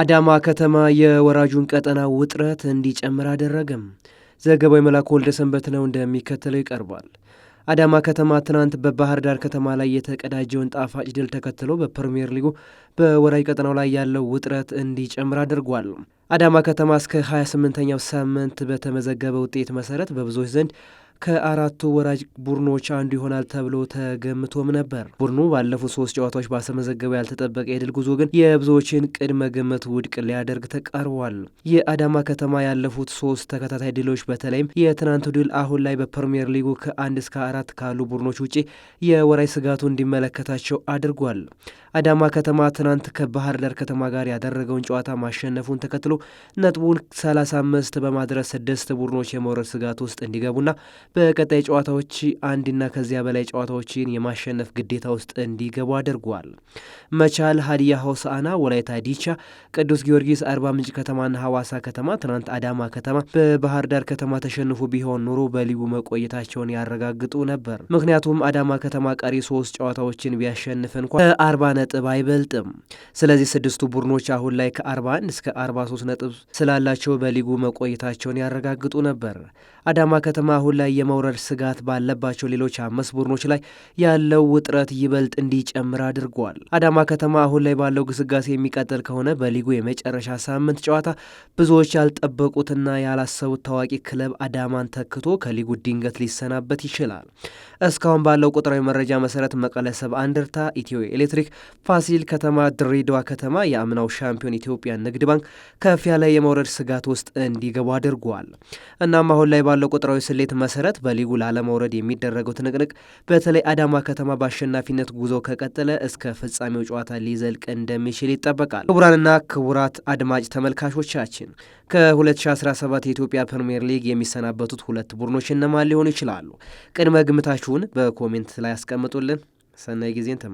አዳማ ከተማ የወራጁን ቀጠና ውጥረት እንዲጨምር አደረገም። ዘገባው የመላኩ ወልደ ሰንበት ነው፣ እንደሚከተለው ይቀርባል። አዳማ ከተማ ትናንት በባህር ዳር ከተማ ላይ የተቀዳጀውን ጣፋጭ ድል ተከትሎ በፕሪምየር ሊጉ በወራጅ ቀጠናው ላይ ያለው ውጥረት እንዲጨምር አድርጓል። አዳማ ከተማ እስከ 28ኛው ሳምንት በተመዘገበ ውጤት መሰረት በብዙዎች ዘንድ ከአራቱ ወራጅ ቡድኖች አንዱ ይሆናል ተብሎ ተገምቶም ነበር። ቡድኑ ባለፉት ሶስት ጨዋታዎች ባስመዘገበው ያልተጠበቀ የድል ጉዞ ግን የብዙዎችን ቅድመ ግምት ውድቅ ሊያደርግ ተቃርቧል። የአዳማ ከተማ ያለፉት ሶስት ተከታታይ ድሎች በተለይም የትናንቱ ድል አሁን ላይ በፕሪምየር ሊጉ ከአንድ እስከ አራት ካሉ ቡድኖች ውጪ የወራጅ ስጋቱ እንዲመለከታቸው አድርጓል። አዳማ ከተማ ትናንት ከባህር ዳር ከተማ ጋር ያደረገውን ጨዋታ ማሸነፉን ተከትሎ ነጥቡን 35 በማድረስ ስድስት ቡድኖች የመውረድ ስጋት ውስጥ እንዲገቡና በቀጣይ ጨዋታዎች አንድና ከዚያ በላይ ጨዋታዎችን የማሸነፍ ግዴታ ውስጥ እንዲገቡ አድርጓል። መቻል፣ ሀዲያ ሆሳዕና፣ ወላይታ ዲቻ፣ ቅዱስ ጊዮርጊስ፣ አርባ ምንጭ ከተማና ሀዋሳ ከተማ ትናንት አዳማ ከተማ በባህር ዳር ከተማ ተሸንፉ ቢሆን ኑሮ በሊጉ መቆየታቸውን ያረጋግጡ ነበር። ምክንያቱም አዳማ ከተማ ቀሪ ሶስት ጨዋታዎችን ቢያሸንፍ እንኳ ከአርባ ነጥብ አይበልጥም። ስለዚህ ስድስቱ ቡድኖች አሁን ላይ ከ41 እስከ 43 ነጥብ ስላላቸው በሊጉ መቆየታቸውን ያረጋግጡ ነበር። አዳማ ከተማ አሁን ላይ የመውረድ ስጋት ባለባቸው ሌሎች አምስት ቡድኖች ላይ ያለው ውጥረት ይበልጥ እንዲጨምር አድርጓል። አዳማ ከተማ አሁን ላይ ባለው ግስጋሴ የሚቀጥል ከሆነ በሊጉ የመጨረሻ ሳምንት ጨዋታ ብዙዎች ያልጠበቁትና ያላሰቡት ታዋቂ ክለብ አዳማን ተክቶ ከሊጉ ድንገት ሊሰናበት ይችላል። እስካሁን ባለው ቁጥራዊ መረጃ መሰረት መቀለ ሰባ እንደርታ፣ ኢትዮ ኤሌክትሪክ፣ ፋሲል ከተማ፣ ድሬዳዋ ከተማ፣ የአምናው ሻምፒዮን ኢትዮጵያ ንግድ ባንክ ከፍ ያለ የመውረድ ስጋት ውስጥ እንዲገቡ አድርጓል። እናም አሁን ላይ ባለው ቁጥራዊ ስሌት መሰረት መሰረት በሊጉ ላለመውረድ የሚደረገው ትንቅንቅ በተለይ አዳማ ከተማ በአሸናፊነት ጉዞ ከቀጠለ እስከ ፍጻሜው ጨዋታ ሊዘልቅ እንደሚችል ይጠበቃል። ክቡራንና ክቡራት አድማጭ ተመልካቾቻችን ከ2017 የኢትዮጵያ ፕሪምየር ሊግ የሚሰናበቱት ሁለት ቡድኖች እነማን ሊሆኑ ይችላሉ? ቅድመ ግምታችሁን በኮሜንት ላይ ያስቀምጡልን። ሰናይ ጊዜን